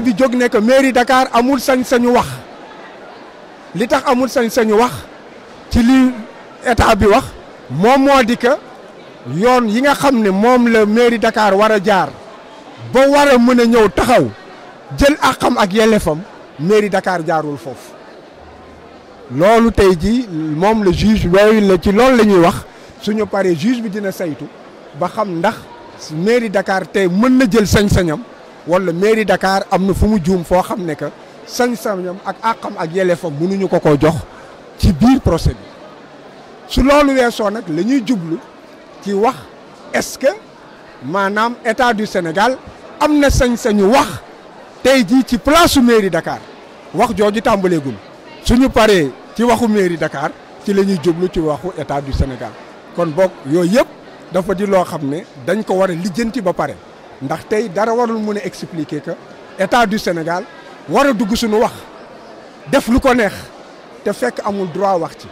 bi jóg ne que mairie Dakar amul sañ-sañu wax li tax amul sañ-sañu wax ci li état bi wax moom moo di que yoon yi nga xam ne moom la mairie dakaar war a jaar ba war a mën a ñëw taxaw jël àqam ak yelleefam mairie dakaar jaarul foofu loolu tey jii moom la juge loolu la ci loolu la ñuy wax suñu paree juge bi dina saytu ba xam ndax mairie dakaar tey mën na jël sañ-sañam. wala mairie Dakar am na fu mu juum foo xam ne que sañ-sañam ak àqam ak yelleefam mënuñu ko koo jox ci biir procès bi su loolu weesoo nag la ñuy jublu ci wax est-ce que maanaam état du Sénégal am na sañ-sañu wax tey jii ci place su mairie Dakar wax jooju tàmbaleegul suñu paree ci waxu mairie Dakar ci lañuy jublu ci waxu état du Sénégal kon boog yooyu yëpp dafa di loo xam ne dañ ko war a lijjanti ba pare. ndax tey dara warul mu ne expliquer que état du Sénégal war a dugg suñu wax def lu ko neex te fekk amul droit wax ci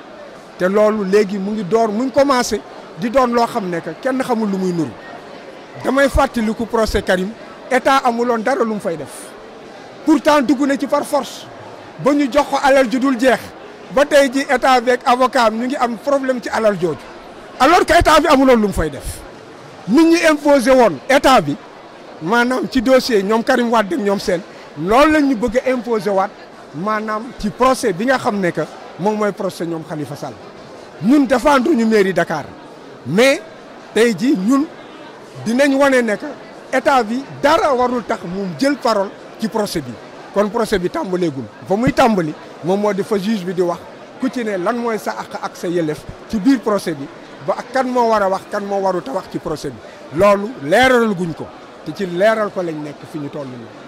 te loolu léegi mu ngi door mu ngi commencé di doon loo xam ne que kenn xamul lu muy nuru damay fàttaliku procès Karim état amuloon dara lu mu fay def pour temps dugg ne ci par force ba ñu jox ko alal ju dul jeex ba tey ji état beeg avocat ñu ngi am problème ci alal jooju alors que état bi amuloon lu mu fay def nit ñi imposé woon état bi. maanaam ci dossier ñoom Karim Wade ak ñoom seen loolu la ñu bëgg a imposer waat maanaam ci procès bi nga xam ne que moom mooy procès ñoom Khalifa Sall ñun défendre ñu mairie dakaar mais tey jii ñun dinañu wane ne que bi dara warul tax mu jël parole ci procès bi kon procès bi tàmbaleegul fa muy tàmbali moom moo di fa juge bi di wax ku ci ne lan mooy sa àq ak sa yelleef ci biir procès bi ba ak kan moo war a wax kan moo warul a wax ci procès bi loolu leeralal guñ ko. te ci leeral ko lañ nekk fi ñu toll nii